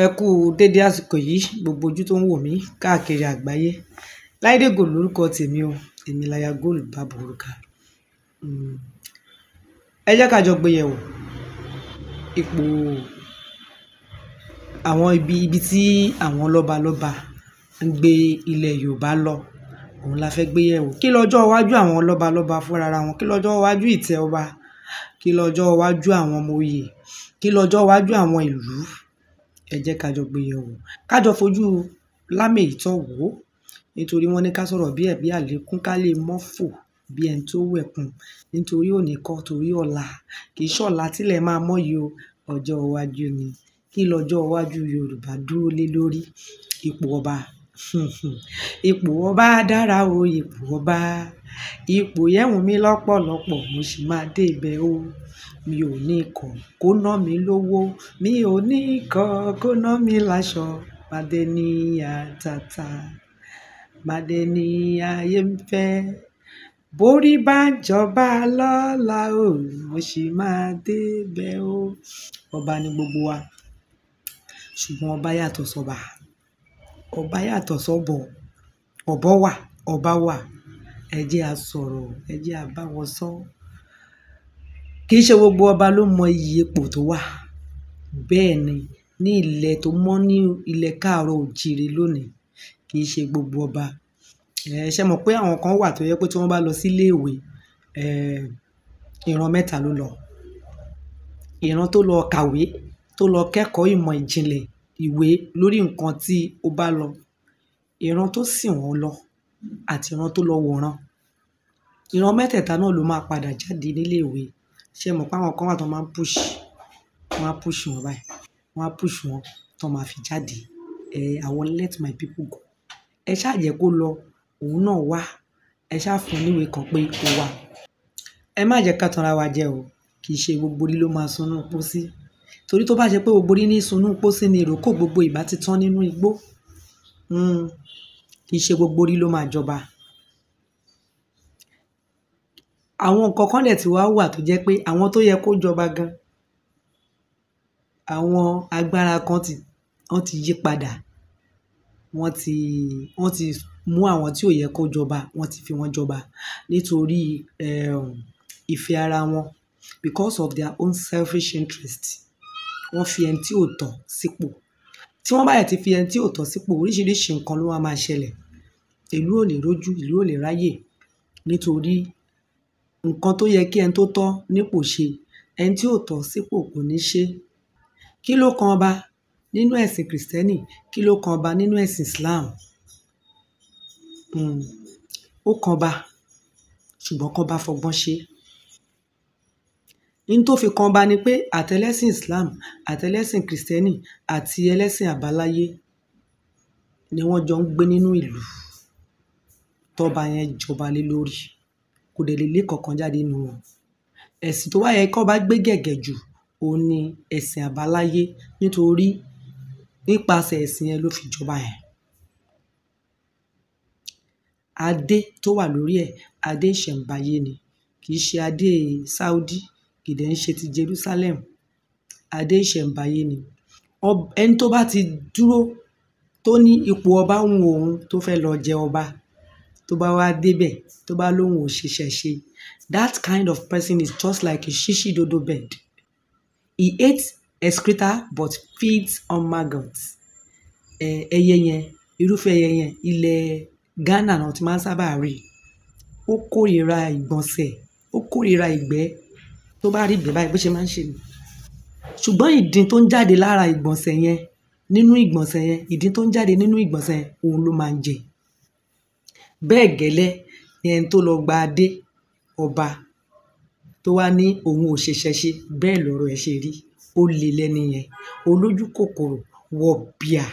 Ẹ kú dédé àsìkò yìí, gbogbo ojú tó ń wò mí káàkiri àgbáyé. Láídé Gold lórúkọ tèmi o, èmi láya Gold bàbá òrùka. Hmm. Ẹ jẹ́ ká jọ gbéyẹ̀wò ipò àwọn ibi, ibi tí àwọn lọ́ba lọ́ba ń gbé ilẹ̀ Yorùbá lọ. Òun la fẹ́ gbéyẹ̀wò. Kí lọ́jọ́ iwájú àwọn lọ́ba lọ́ba fúnra wọn? Kí lọ́jọ́ iwájú ìtẹ́ ọba? Kí lọ́jọ́ iwájú àwọn ọmọ oyè? Kí lọ́jọ́ iwájú àwọn ìlú? ẹ jẹ́ ká jọ gbé yẹ̀wò ká jọ fojú lámèyítọ́ wò ó nítorí wọ́n ní ká sọ̀rọ̀ bí ẹ̀bí àlékún ká lè mọ́fò bí ẹni tó wẹ̀kùn nítorí òní kọ́ torí ọ̀la kì í ṣọ̀la tílẹ̀ máa mọ́yì o ọjọ́ iwájú ni kí lọ́jọ́ iwájú Yorùbá dúró lé lórí ipò ọba Ipò ọba dára o, ipò ọba. Ipò yẹn wù mí lọ́pọ̀lọ́pọ̀, mo sì máa dé ibẹ̀ o. Mi ò ní ikọ̀ kó ná mi lówó, mi ò ní ikọ̀ kó ná mi láṣọ. Máa dé ní àtàtà, máa ní ayé ń fẹ́. Bórí bá jọba lọ́la o, mo sì máa dé ibẹ̀ o. Ọba ni gbogbo wa, ṣùgbọ́n ọba yàtọ̀ sọ́ba ọba yàtọ̀ sọ́bọ̀ ọ̀bọ̀ wà ọba wà ẹ jẹ́ a sọ̀rọ̀ ẹ jẹ́ a bá wọn sọ kì í ṣe gbogbo ọba ló mọ iyì ipò tó wà bẹ́ẹ̀ ni ní ilẹ̀ tó mọ́ ní ilẹ̀ káàárọ̀ òjìrì lónìí kì í ṣe gbogbo ọba ẹ ṣe mọ̀ pé àwọn kan wà tó yẹ pé tí wọ́n bá lọ sílé ìwé ìran mẹ́ta ló lọ ìran tó lọ kàwé tó lọ kẹ́kọ̀ọ́ ìmọ̀ ìjìnlẹ̀ ìwé lórí nǹkan tí ó bá lọ ìran tó sìn wọ́n lọ àti ìran tó lọ wòran ìran mẹ́tẹ̀ẹ̀ta náà ló máa padà jáde nílé ìwé ṣe mọ̀ pé kan wà tó máa ń push wọ́n á push wọn báyìí wọ́n á push wọn tó máa fi jáde ẹ̀ àwọn let my people go ẹ ṣáà jẹ́ kó lọ òun náà wá ẹ ṣáà fún un níwèé kan pé kó wá ẹ má jẹ́ ká tanra wa jẹ o kì í ṣe gbogbo orí ló máa sunú pósí torí tó bá ṣe pé gbogbo rí ní sunú pósí ni ìrókò gbogbo ìbá ti tán nínú igbó hmm, kì í ṣe gbogbo rí ló máa jọba àwọn nǹkan kan lẹ̀ tí wàá wà tó jẹ́ pé àwọn tó yẹ kó jọba gan àwọn agbára kan ti wọ́n ti yí padà wọ́n ti wọ́n ti mú àwọn tí ò yẹ kó jọba wọ́n ti fi wọ́n jọba nítorí eh, ìfẹ́ ara wọn because of their own selfish interest wọ́n fi ẹni tí ò tọ́ sípò tí wọ́n bá yẹ ti fi ẹni tí ò tọ́ sípò oríṣiríṣi nǹkan ló wá máa ṣẹlẹ̀ ìlú ò lè rójú ìlú ò lè ráyè nítorí nǹkan tó yẹ kí ẹni tó tọ́ nípò ṣe ẹni tí ò tọ́ sípò kò ní ṣe kí ló kan ọba nínú ẹ̀sìn kìrìsìtẹ́nì kí ló kan ọba nínú ẹ̀sìn Islam hmm, ó kan ọba ṣùgbọ́n kọ́ba fọgbọ́n ṣe n tó fi kan bá ni pé àtẹlẹsìn islam àtẹlẹsìn kristẹni àti ẹlẹ́sìn àbáláyé ni wọ́n jọ ń gbé nínú ìlú tọ́ba yẹn jọba lé lórí kò dẹ̀ lè lé kankan jáde nínú wọn ẹ̀sìn tó wá yẹ kó bá gbé gẹ̀gẹ̀ jù òun ni ẹ̀sìn àbáláyé nítorí nípasẹ̀ ẹ̀sìn yẹn ló fi jọba yẹn adé tó wà lórí ẹ̀ adé ìṣẹ̀ǹbáyé ni kì í ṣe adé Saudi kì ń ṣe ti Jerusalem adé ìṣẹ̀ǹbáyé ni ẹni tó bá ti dúró tó ní ipò ọba ń wo òun tó fẹ́ lọ jẹ ọba tó bá wá débẹ̀ tó bá lóun ò ṣiṣẹ́ ṣe that kind of person is just like a shishi dodo bird he hates excreta but feeds on maggots ẹyẹ yẹn irúfẹ́ ẹyẹ yẹn ilẹ̀ Ghana náà ti máa ń sábà rí ó kórìíra ìgbọ̀nsẹ̀ ó kórìíra ìgbẹ́ tó bá rí ìgbín báyìí bó ṣe máa ń ṣe mí ṣùgbọ́n ìdin tó ń jáde lára ìgbọ̀nsẹ̀ yẹn nínú ìgbọ̀nsẹ̀ yẹn ìdin tó ń jáde nínú ìgbọ̀nsẹ̀ yẹn òun ló máa ń jẹ bẹ́ẹ̀ gẹ́lẹ́ ni ẹni tó lọ gba adé ọba tó wá ní òun ò ṣẹ̀ṣẹ̀ ṣe bẹ́ẹ̀ lọ́rọ̀ ẹ̀ ṣe rí ó lè lẹ́ni yẹn olójú kòkòrò wọ̀ bíà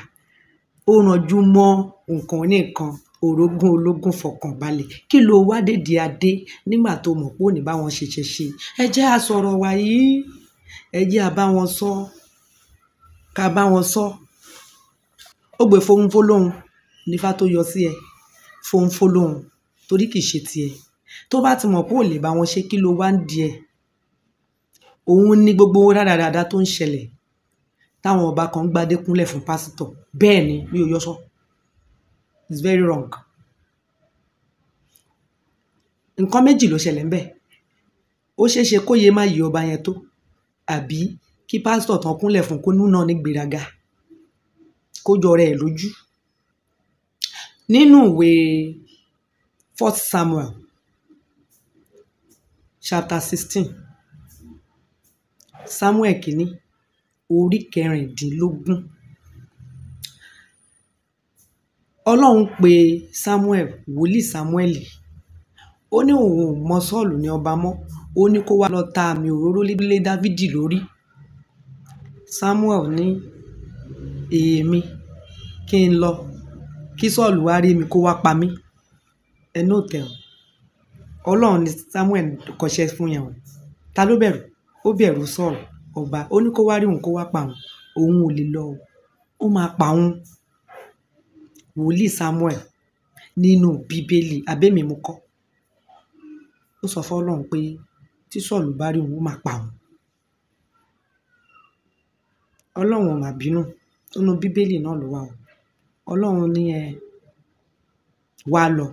ó ranjú mọ́ nǹkan oníkan orogún ológun fọkànbalẹ̀ kí ló wá dédé adé nígbà tó mọ̀ pé ò ní bá wọn ṣiṣẹ́ ṣe ẹ jẹ́ a sọ̀rọ̀ wá yìí ẹ jẹ́ a bá wọn sọ ká bá wọn sọ ó gbé fohùn fólóhùn nífà tó yọ sí ẹ fohùn fólóhùn torí kì í ṣe tiẹ̀ tó bá ti mọ̀ pé ò lè bá wọn ṣe kí ló wá ń di ẹ òun ní gbogbo rádaràda tó ń ṣẹlẹ̀ táwọn ọba kan gbadé kúnlẹ̀ fún pásítọ̀ bẹ́ẹ̀ ni mi ò yọ sọ. So it's very wrong nǹkan méjì ló ṣẹlẹ̀ ńbẹ̀ ó ṣeé ṣe kó yẹ má yí ọba yẹn tó àbí kí pásítọ̀ tán kúnlẹ̀ fún kó núnà ní gbéraga kó jọra ẹ̀ lójú nínú ìwé first Samuel chapter sixteen Samuel kìíní orí kẹrìndínlógún ọlọ́run pe samuel wòlíì samuel ó ní òun ò mọ sọ́ọ̀lù ní ọba mọ́ ó ní kó wá lọ ta àmì òróró lé dávidi lórí samuel ní èèmí kí n lọ kí sọ́ọ̀lù wá rí mi kó wá pa mí ẹnu òtẹ̀ ọ̀ ọlọ́run ni samuel kọṣẹ́ fún yẹn o ta ló bẹ̀rù ó bẹ̀rù sọ́ọ̀lù ọba ó ní kó wá rí òun kó wá pa òun òun ò lè lọ ó máa pa òun wòlíì Samuel nínú bíbélì abẹ́mi mo kọ́ ó sọ fún Ọlọ́run pé tí Sọ́ọ̀lù bá rí òun ó máa pa òun Ọlọ́run ò mà bínú nínú bíbélì náà ló wà o Ọlọ́run ní ẹ wá lọ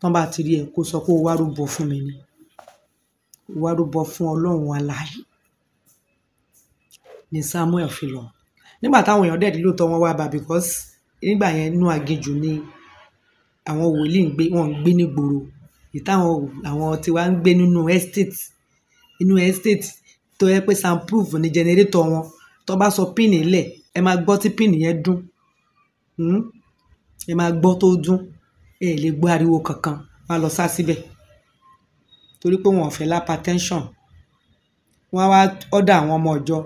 tán bá ti rí ẹ kó sọ pé o wá rúbọ fún mi ni o wá rúbọ fún Ọlọ́run alààyè ni Samuel fi lọ nígbà táwọn èèyàn dẹ̀ dé lóòótọ́ wọn wá bá because nígbà yẹn inú aginjù ni àwọn wòlíì ń gbé, wọ́n ń gbé ní Èyí táwọn, àwọn tí ń gbé nínú estate, inú estate tó jẹ́ pé soundproof ni generator wọn. Tó bá sọ pin lẹ̀, ẹ máa gbọ́ tí pin yẹn dún. Hmm? Ẹ máa gbọ́ tó dún. Ẹ lè gbọ́ ariwo kankan. Wọ́n lọ sá síbẹ̀. Torí pé wọ́n ò fẹ́ hypertension. Wọ́n á wá order àwọn ọmọ ìjọ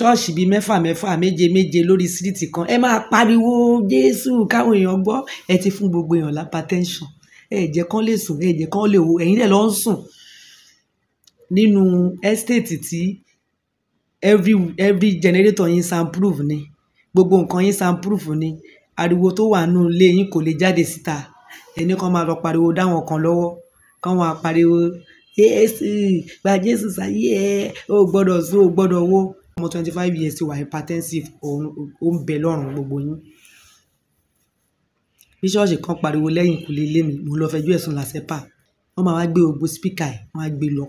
ṣọ́ọ̀ṣì bíi mẹ́fà mẹ́fà méje méje lórí síríìtì kan ẹ máa pariwo jésù káwọn èèyàn gbọ́ ẹ ti fún gbogbo èèyàn lápátẹ́ńṣàn ẹ jẹ́ kán lè sùn ẹ jẹ́ kán lè wo ẹ̀yin dẹ̀ lọ ń sùn nínú estate tí every every generator yín soundproof ni gbogbo nǹkan yín soundproof ni ariwo tó wà nínú ilé yín kò lè jáde síta ẹni kan máa lọ pariwo dáwọn kan lọ́wọ́ kán máa pariwo Jésù, gba Jésù sáyé ẹ, o gbọdọ̀ sún, o gbọdọ̀ wó. Ọmọ twenty five years ti wà hypertensive, òun ó ń bẹ lọ́rùn gbogbo yín. Bí ṣọ́ọ̀ṣì kan pariwo lẹ́yìn kùlé ilé mi, mo lọ fẹjú ẹ̀sùn làsẹ́pà. Wọ́n máa wá gbé gbogbo spíkà ẹ̀, wọ́n á gbé lọ.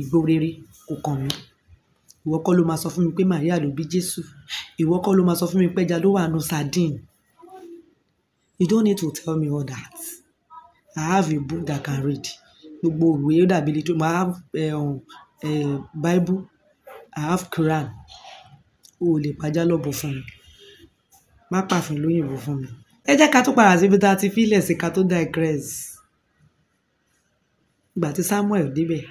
Igbó rere kò kan mi. Ìwọ kọ́ ló máa sọ fún mi pé Màríà ló bí Jésù. Ìwọ kọ́ ló máa sọ fún mi pé ẹja ló wà nínú sardine. You don't need to tell me all that. I have a book that can read gbogbo ìwé ó dàbí little mo have um, eh, Bible, I have Quran. O ò lè pa jálọ́bù fún mi. Má pàfin lóyìnbó fún mi. Ẹ jẹ́ ká tún padà síbi tí a ti fi sí ká tó digress. Ìgbà tí Samuel dé bẹ̀,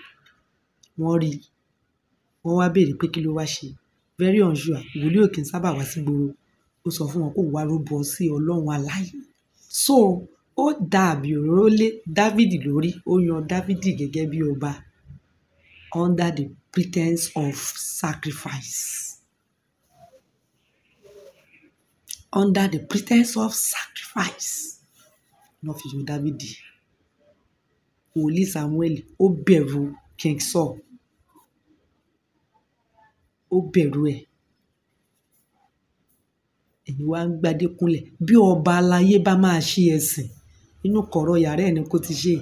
wọ́n rí i, wọ́n wá béèrè pé kí ló wá ṣe. Very unsure, wòlíì ò kí ń sábà wá sí ìgboro. Ó sọ fún wọn kó wá rúbọ sí Ọlọ́run alààyè. So ó da àmì òróró lé dávìdì lórí ó yan dávìdì gẹ́gẹ́ bí ọba under the pretense of sacrifice under the pretense of sacrifice wọ́n fi yan David, wòlíì samuel ó bẹ̀rù king saul ó bẹ̀rù ẹ̀ èyí wá ń gbadé kúnlẹ̀ bí ọba aláyé bá máa ṣe ẹ̀sìn inú kọ̀rọ̀ yàrá ẹ̀ ni kó ti ṣe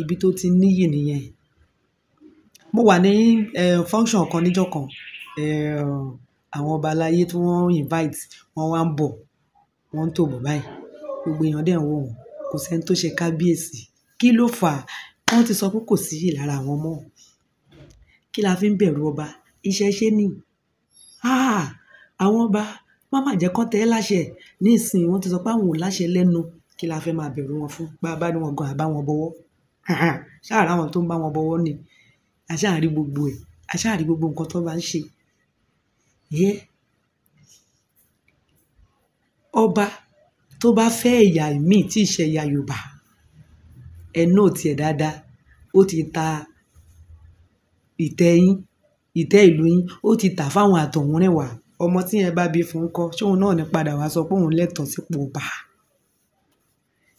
ibi tó ti níyì nìyẹn. Mo wà ní function kan níjọ́ kan, eh, àwọn ọba aláyé tí wọ́n invite, wọ́n wá ń bọ̀, wọ́n ń tò bọ̀ báyìí. Gbogbo èèyàn dẹ̀ ń wò wọ́n, kò sí ẹni tó ṣe kábíyèsí. Kí ló fà á? Wọ́n ti sọ pé kò sí iyì lára àwọn mọ́. Kí la fi ń bẹ̀rù ọba? Iṣẹ́ ṣe ni. Ah! Àwọn ọba, má má jẹ́ kí tẹ́ láṣẹ. Nísìnyí wọ́n ti sọ pé àwọn ò láṣẹ lẹ́nu kí la fẹ́ máa bẹ̀rù wọn fún bá bá ní wọn gan àbá wọn bọwọ́ ṣáà rà wọn tó ń bá wọn bọwọ́ ni a ṣáà rí gbogbo ẹ̀ a ṣáà rí gbogbo nǹkan tó bá ń ṣe yẹ ọba tó bá fẹ́ ẹ̀yà míì tí ìṣe ẹ̀yà Yorùbá ẹ̀ náà tiẹ̀ dáadáa ó ti ta ìtẹ́ yín ìtẹ́ ìlú yín ó ti tà fáwọn àtọ̀húnrìnwá ọmọ tí yẹn bá bí fún un kọ́ ṣóun náà ní padà wá sọ pé òun lẹ́tọ̀ọ́ sípò ọba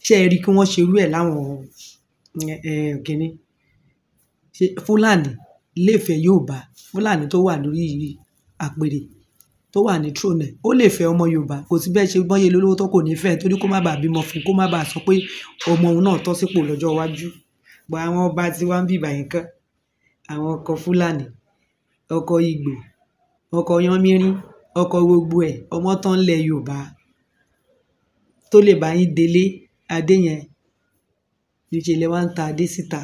ṣé ẹ rí i kí wọ́n ṣerú ẹ̀ láwọn kìnní fúlàní lè fẹ́ yorùbá fúlàní tó wà lórí àpèrè tó wà ní trónẹ ó lè fẹ́ ọmọ yorùbá kò sí bẹ́ẹ̀ ṣe bọ́yé lólówó tó kò ní fẹ́ torí kó má bàa bímọ fún kó má bàa sọ pé ọmọ òun náà tọ́ sípò lọ́jọ́ iwájú gba àwọn ọba tí wọ́n ń bì bàyẹn kán àwọn ọkọ fúlàní ọkọ ìgbò ọkọ yanmirin ọkọ gbogbo ẹ̀ ọmọ tán lẹ yorùbá tó lè bá yín délé adé yẹn níṣẹ́ lẹ wá ń ta adé síta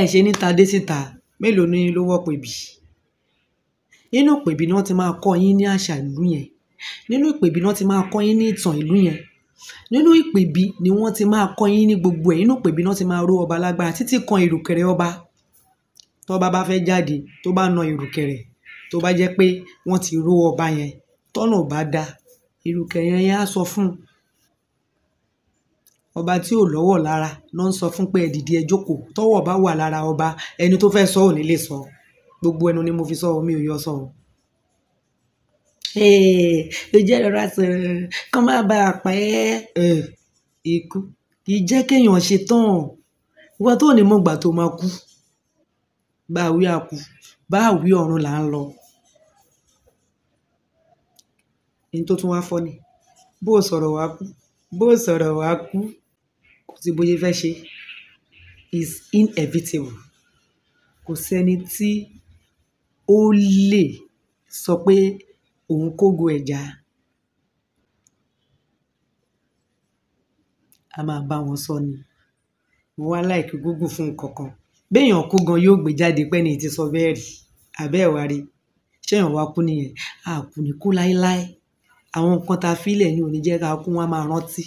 ẹ ṣe ní ta adé síta mélòó ni ló wọ́pọ̀ ìbí nínú ìpèbí náà ti máa kọ́ yín ní àṣà ìlú yẹn nínú ìpèbí náà ti máa kọ́ yín ní ìtàn ìlú yẹn nínú ìpèbí ni wọ́n ti máa kọ́ yín ní gbogbo ẹ̀ nínú ìpèbí náà ti máa ró ọba lágbára títí kan ìrùkẹ̀rẹ̀ ọba tọ́ba bá fẹ́ jáde tó bá na ìrùkẹ̀rẹ̀ tó bá jẹ́ pé wọ́n ti ró ọba yẹn tọ́nà bá da ìrùkẹ̀rẹ̀ yẹn á sọ fún un ọba tí ò lọ́wọ́ lára ló ń sọ fún pé ẹ dìde ẹ jókòó tọ́wọ́ bá wà lára ọba ẹni tó fẹ́ sọ ò ní lè sọ gbogbo ẹnu ni mo fi sọ mi ò yọ sọ. ìjẹ́ ìrora sọ̀rọ̀ kán má bàa pa ẹ́ ikú ìjẹ́ kéèyàn ṣe tán ìwọ tó ní mọ̀gbà tó máa kú bá a wí àkú bá a wí ọ̀run là ń lọ. ní tó tún wá fọ́ ni bó o sọ̀rọ̀ wá kú bó o sọ̀rọ̀ wá kú tí bóyá fẹ́ ṣe is inevitable kò sẹ́ni tí ó lè sọ pé òun kógo ẹ̀já a máa bá wọn sọ ni mo wá láìkí gúgùn fún nǹkan béèyàn kú gan yóò gbé jáde pẹ́ni ti sọ bẹ́ẹ̀ rí àbẹ́ ẹ̀wà rí ṣéèyàn wá kú nìyẹn a kù ní kú láéláé àwọn nǹkan tá a fi lẹ̀ ní òní ká kú wọn máa rántí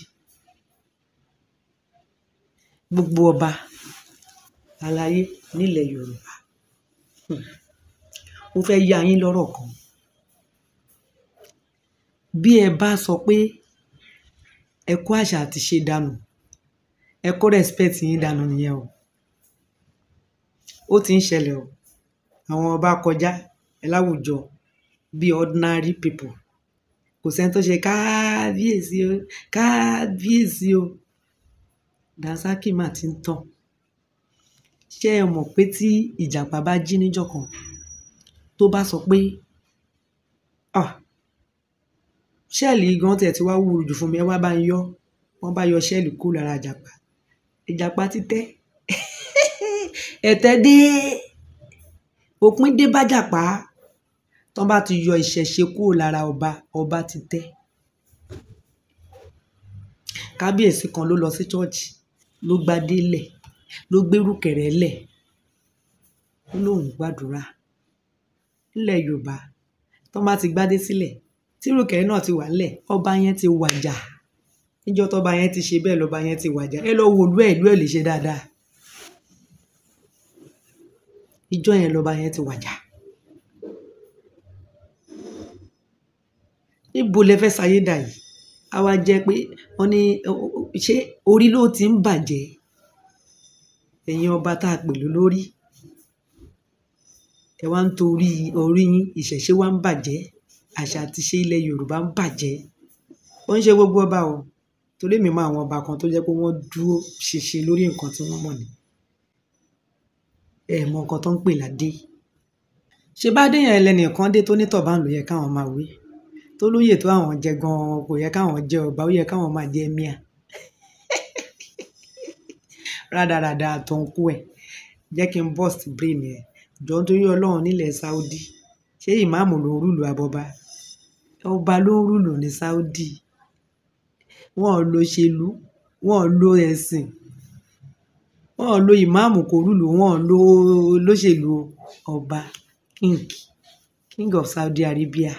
gbogbo ọba aláyé nílẹ̀ yorùbá mo fẹ́ yá yín lọ́rọ̀ kan bí ẹ bá sọ pé ẹ kó àṣà àti ṣe dànù ẹ kó respect yín dànù nìyẹn o ó ti ń ṣẹlẹ̀ o àwọn ọba kọjá ẹ láwùjọ bí ordinary people kò sẹ́ni tó ṣe káábíyèsí o káábíyèsí o Dàńṣákì mà ti ń tàn. Ṣé ẹ mọ̀ pé tí ìjàpá bá jí níjọ́ tó bá sọ pé, "Ah! Ṣẹ́ẹ̀lì gan tẹ̀ tí wá wúwo jù fún mi, ẹ wá bá ń yọ." Wọ́n bá yọ ṣẹ́ẹ̀lì kúrò lára ìjàpá. Ìjàpá ti tẹ́. Ẹ̀tẹ̀ dé. Òpin dé bá ìjàpá. Tán bá ti yọ ìṣẹ̀ṣe kúrò lára ọba, ọba ti tẹ́. Kábíyèsí kan ló lọ sí church ló gbadé lẹ̀ ló gbérú kẹ̀rẹ̀ lẹ̀ ó lóun gbàdúrà nílẹ̀ yorùbá tó bá ti gbadé sílẹ̀ tírú kẹ̀rẹ̀ náà ti wà lẹ̀ ọba yẹn ti wàjà níjọ́ tọ́ba yẹn ti ṣe bẹ́ẹ̀ lọ́ba yẹn ti wàjà ẹ lọ wo ìlú ẹ̀ ìlú ẹ̀ lè ṣe dáadáa ìjọ́ yẹn lọ́ba yẹn ti wàjà. níbo lẹ fẹ́ sáyé dà yìí a wá jẹ́ pé wọ́n ní ṣé orí ló ti ń bàjẹ́? Ẹ̀yin ọba tá pè lólórí, ẹ wá ń torí orí yín, ìṣẹ̀ṣe wa ń bàjẹ́, àṣà àti ìṣe ilẹ̀ Yorùbá ń bàjẹ́. Kó ń ṣe gbogbo ọba o, torí èmi mọ àwọn ọba kan tó jẹ́ pé wọ́n dúró ṣinṣin lórí nǹkan tí wọ́n mọ̀ ni. Ẹ mọ nǹkan tó ń pè ládé. Ṣé bá dé yẹn dé tó ní tọ̀báun yẹ káwọn máa wé? tó lóyè tó àwọn jẹ gan-an kò yẹ káwọn jẹ ọba ó yẹ káwọn máa jẹ mìà rádaràda àtọ̀nkú ẹ̀ jẹ́ kí n bust brain ẹ̀ jọ nítorí ọlọ́run nílẹ̀ Saudi ṣé ìmáàmù ló ń rúlù abọba ọba ló ń rúlù ní Saudi wọn ò lo ṣèlú wọn ò lo ẹ̀sìn wọn ò lo ìmáàmù kò rúlù wọn ò lo olóṣèlú ọba king king of Saudi Arabia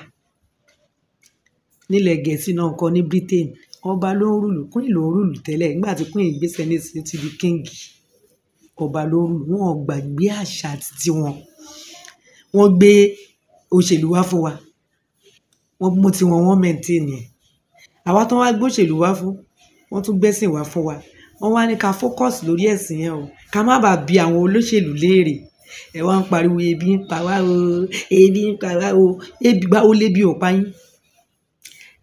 nílẹ̀ Gẹ̀ẹ́sì náà ń kọ́ ní Britain. Ọba ló ń rùlù, queen ló ń rùlù tẹ́lẹ̀. Nígbà tí queen gbéṣẹ́ nísìnyí ó ti di king. Ọba ló ń rùlù. Wọn ò gbàgbé àṣà titi wọn. Wọ́n gbé òṣèlú wá fún wa. Wọ́n mú tiwọn, wọ́n maintain ẹ̀. Àwa tó wá gbé òṣèlú wá fún, wọ́n tún gbẹ́sìn wá fún wa. Wọ́n wá ní ká focus lórí ẹ̀sìn yẹn o. Ka má bàá bí àwọn olóṣèlú léèrè. Ẹ wá ń pariwo ebi ń pa wá o, ebi ń pa wá o. Ebi, báwo lébi ò pa yín?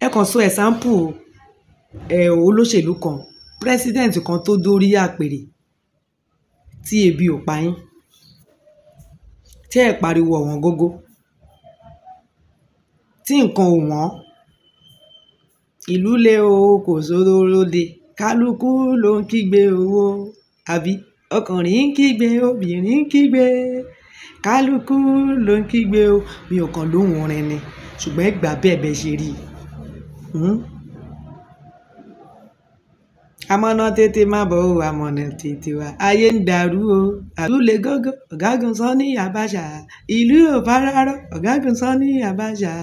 ẹ kàn sọ ẹ̀sáǹpù ẹ̀ olóṣèlú kan president kan tó dórí àpèrè tí ebi ò pa yín tí ẹ̀ pariwo ọ̀wọ́n gógó tí nǹkan ò wọ́n ìlú lé o kò sóró lóde kálukú ló ń kígbe owó àbí ọkùnrin ń kígbe obìnrin ń kígbe kálukú ló ń kígbe o mi ò kàn lóhùn orin ni ṣùgbọ́n ẹ gbà bẹ́ẹ̀ bẹ́ẹ̀ ṣe rí i àmọ̀nà hmm? tètè má bọ̀ o àmọ̀nà tètè wá ayé ń dàrú o àlùlé gógó ọ̀gágun Sani Abacha ìlú ò fararọ ọ̀gágun Sani Abacha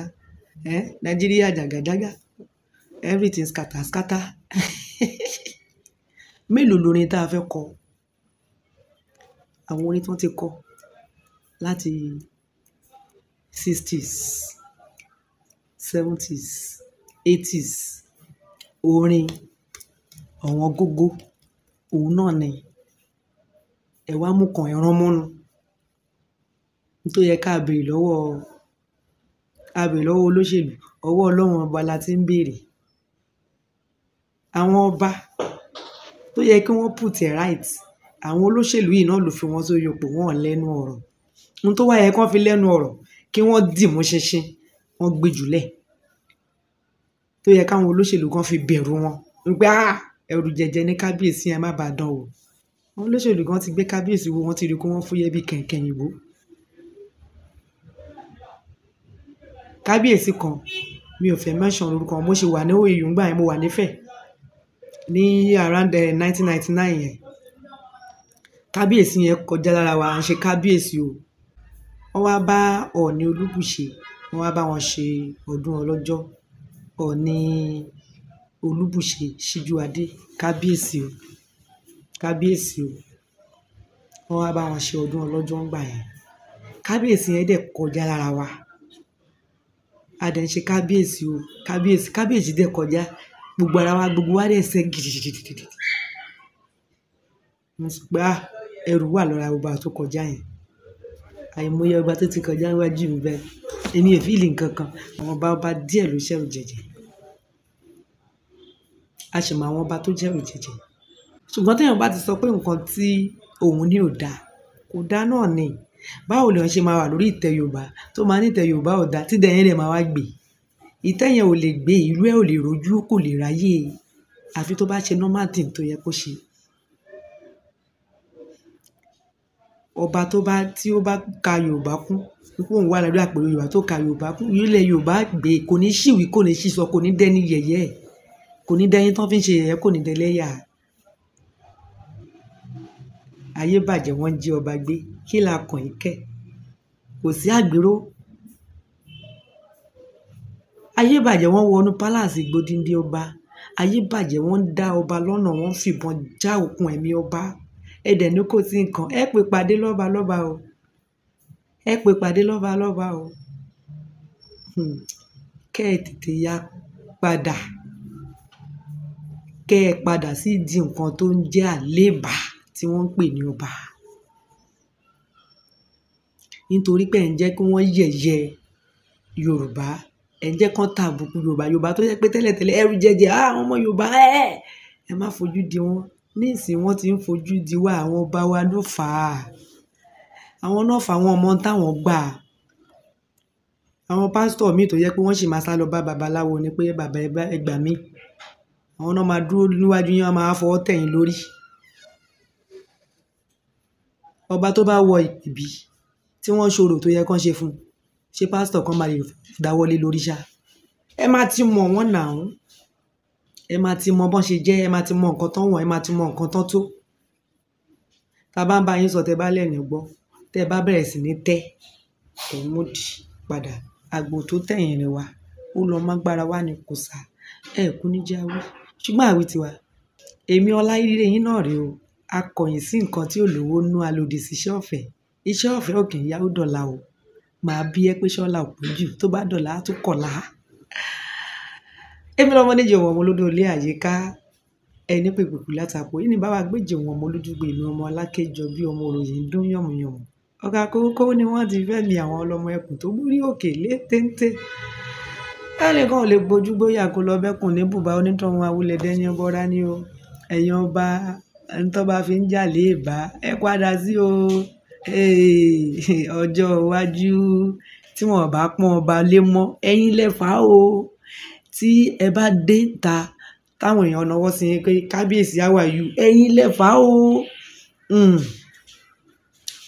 eh? nàìjíríà jàgàjàgà everything scatter scatter mélòó lorin tá a fẹ́ kọ àwọn orin tí wọ́n ti kọ láti sixties seventies eighties, orin ọ̀wọ́n gógó, òun náà ni. Ẹ wá mú kan ẹ rán mọ́nu. Ohun tó yẹ ká bèrè lọ́wọ́, ká bèrè lọ́wọ́ olóṣèlú, ọwọ́ Ọlọ́run ọba la ti ń bèrè. Àwọn ọba tó yẹ kí wọ́n put it right, àwọn olóṣèlú yìí náà ló fi wọ́n sórí ipò, wọ́n ò lẹ́nu ọ̀rọ̀. Ohun tó wá yẹ kí wọ́n fi lẹ́nu ọ̀rọ̀ kí wọ́n dìmú ṣinṣin, wọ́n gbé jùlẹ̀ tó yẹ káwọn olóṣèlú kan fi bẹ̀rù wọn wípé ah ẹ̀rù jẹjẹ ní kábíyèsí ẹ má bàa dán o àwọn olóṣèlú kan ti gbé kábíyèsí wo wọ́n ti rí kó wọ́n fúyẹ́ bí kẹ̀kẹ́ yìnbó kábíyèsí kan mi ò fẹ́ mẹ́sàn-án lórúkọ mo ṣe wà ní òyìnbó gbà yẹn mo wà nífẹ̀ẹ́ ní around eh, nineteen ninety nine yẹn kábíyèsí yẹn kọjá lára wa à ń ṣe kábíyèsí o wọ́n wá bá Ọọ̀ni Olúbùṣe wọ́n wá bá wọn ṣe ọdún ọlọ́jọ́ Ọ̀ọ̀ni Olúbùṣe Ṣíjúwadé kábíyèsí o, kábíyèsí o. Wọ́n wá bá wọn ṣe ọdún ọlọ́jọ́ ńgbà yẹn. Kábíyèsí yẹn dẹ̀ kọjá lára wa. A dẹ̀ ń ṣe kábíyèsí o, kábíyèsí, kábíyèsí dẹ̀ kọjá. Gbogbo ara wa, gbogbo wa dẹ̀ sẹ́ gidigidi. Mo sọ pé ah! Ẹrù wà lọ́ra gbogbo awa tó kọjá yẹn. Àìmọye ọba tó ti kọjá níwájú mi báyìí. Èmi ò feel nǹkan kan. Àwọn ọba ọba díẹ̀ ló ṣẹ́kù jẹjẹ a sì mọ àwọn ọba tó jẹ́ òjèjì ṣùgbọ́n téèyàn bá ti sọ pé nǹkan tí òun ní ò dáa kò dáa náà ni báwo lèèyàn ṣe máa wà lórí ìtẹ́ Yorùbá tó máa ní ìtẹ́ Yorùbá ò dáa tí dẹ̀yìn rẹ̀ máa wá gbé ìtẹ́ yẹn ò lè gbé ìlú ẹ̀ ò lè rojú kò lè ráyè àfi tó bá ṣe normal thing tó yẹ kó ṣe ọba tó bá tí ó bá ka Yorùbá kún wípé òun wà lórí àpèrè Yorùbá tó ka Yorùbá kún ilẹ̀ Yorùbá gbé kò ní ṣìwí kò ní ṣìsọ kò ní dẹ́ni yẹ̀yẹ́ ẹ̀ kò ní dẹni tán fi ń ṣe yẹ̀yẹ́ kò ní dẹlẹ́yà ayé bàjẹ́ wọ́n jí ọba gbé kí la kàn yín kẹ́ kò sí àgbéró ayé bàjẹ́ wọ́n wọnú pálásì gbódìndé ọba ayé bàjẹ́ wọ́n dá ọba lọ́nà wọ́n fìbọn já òkun ẹ̀mí ọba ẹ̀dẹ̀ ní kò sí nǹkan ẹ pè pàdé lọ́ba lọ́ba o ẹ pè pàdé lọ́ba lọ́ba o hmm. kẹ́ ẹ tètè ya padà kẹ́ ẹ padà sí di nǹkan tó ń jẹ́ àléèbá tí wọ́n ń pè ní ọba. Nítorí pé ẹ̀ ń jẹ́ kí wọ́n yẹ̀yẹ Yorùbá, ẹ̀ ń jẹ́ kí tàbùkù Yorùbá. Yorùbá tó jẹ́ pé tẹ́lẹ̀tẹ́lẹ̀ ẹrú jẹjẹ, "Ah, àwọn ọmọ Yorùbá ẹ́!" Ẹ má fojú di wọ́n. Nísìnyí wọ́n ti ń fojú di wá àwọn ọba wa ló fà á. Àwọn náà fà wọ́n mọ táwọn gbà. Àwọn pásítọ̀ mi tó jẹ́ pé wọ́n sì máa sálọ bá babaláwo ni pé, "Bàbá ẹ gbà mí." àwọn náà máa dúró níwájú yín, wọ́n máa wa fọwọ́ tẹ̀ yín lórí. Ọba tó bá wọ ibi tí wọ́n ṣorò tó yẹ kí wọ́n ṣe fún, ṣé pásítọ̀ kan máa lè dáwọ́ lé lórí ṣá? Ẹ máa ti mọ̀ wọ́n now. Ẹ máa ti mọ bó ṣe jẹ́, ẹ máa ti mọ nǹkan tán wọ̀n, ẹ máa ti mọ nǹkan tán tó. Tí bá ń bá yín sọ tí bá lẹ́ni gbọ́, tí bá bẹ̀rẹ̀ sí ní tẹ́, ẹ̀ mú di padà. Àgbò tó tẹ̀yìn rìn wá, ó lọ mágbára wá ni kò Ẹ kú ní ṣùgbọ́n àwi tiwa èmi ọláìdílé yín náà rèé o akọ̀yìn sí nǹkan tí olówó nú alòdì sí iṣẹ́ ọ̀fẹ́ iṣẹ́ ọ̀fẹ́ òkè ìyáwó dọ̀la o màá bí ẹ pé ṣọ́la ò pójú tó bá dọ̀la á tún kọ̀la. èmi lọ́mọ ní jẹ̀wọ̀n ọmọ olódó ilé àyíká ẹni pèpèpè látàkó yìí ni bá wa gbé jẹ̀wọ̀n ọmọ olójúgbò èmi ọmọ alákẹ́jọ bí ọmọ òròyìn dún yànmùyànmù ọ̀gá kókó ni wọ́n ti fẹ́ mi àwọn ọlọ́mọ ẹkùn tó múrí òkè lé ẹnìkan ò lè gbójú gbóyà kó lọ bẹ́kùn ní bùbá onítọ̀hún awúlẹ̀ dẹ́yìn bọ́ra ni o ẹ̀yàn ọba ntọ́ba fi ń jà léèbá ẹ padà sí o ọjọ́ iwájú tí wọ́n bá pọ́n ọba lé mọ́ ẹ̀yin lẹ́fà o tí ẹ bá dé ta táwọn èèyàn náwó sí yín pé kábíyèsí àwà yù ẹ̀yin lẹ́fà o hmm.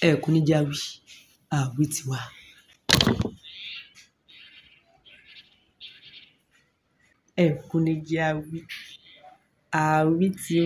ẹ̀kún níjà wí àwí tiwa. ẹ kú ní jẹ́ a wí, a wí ti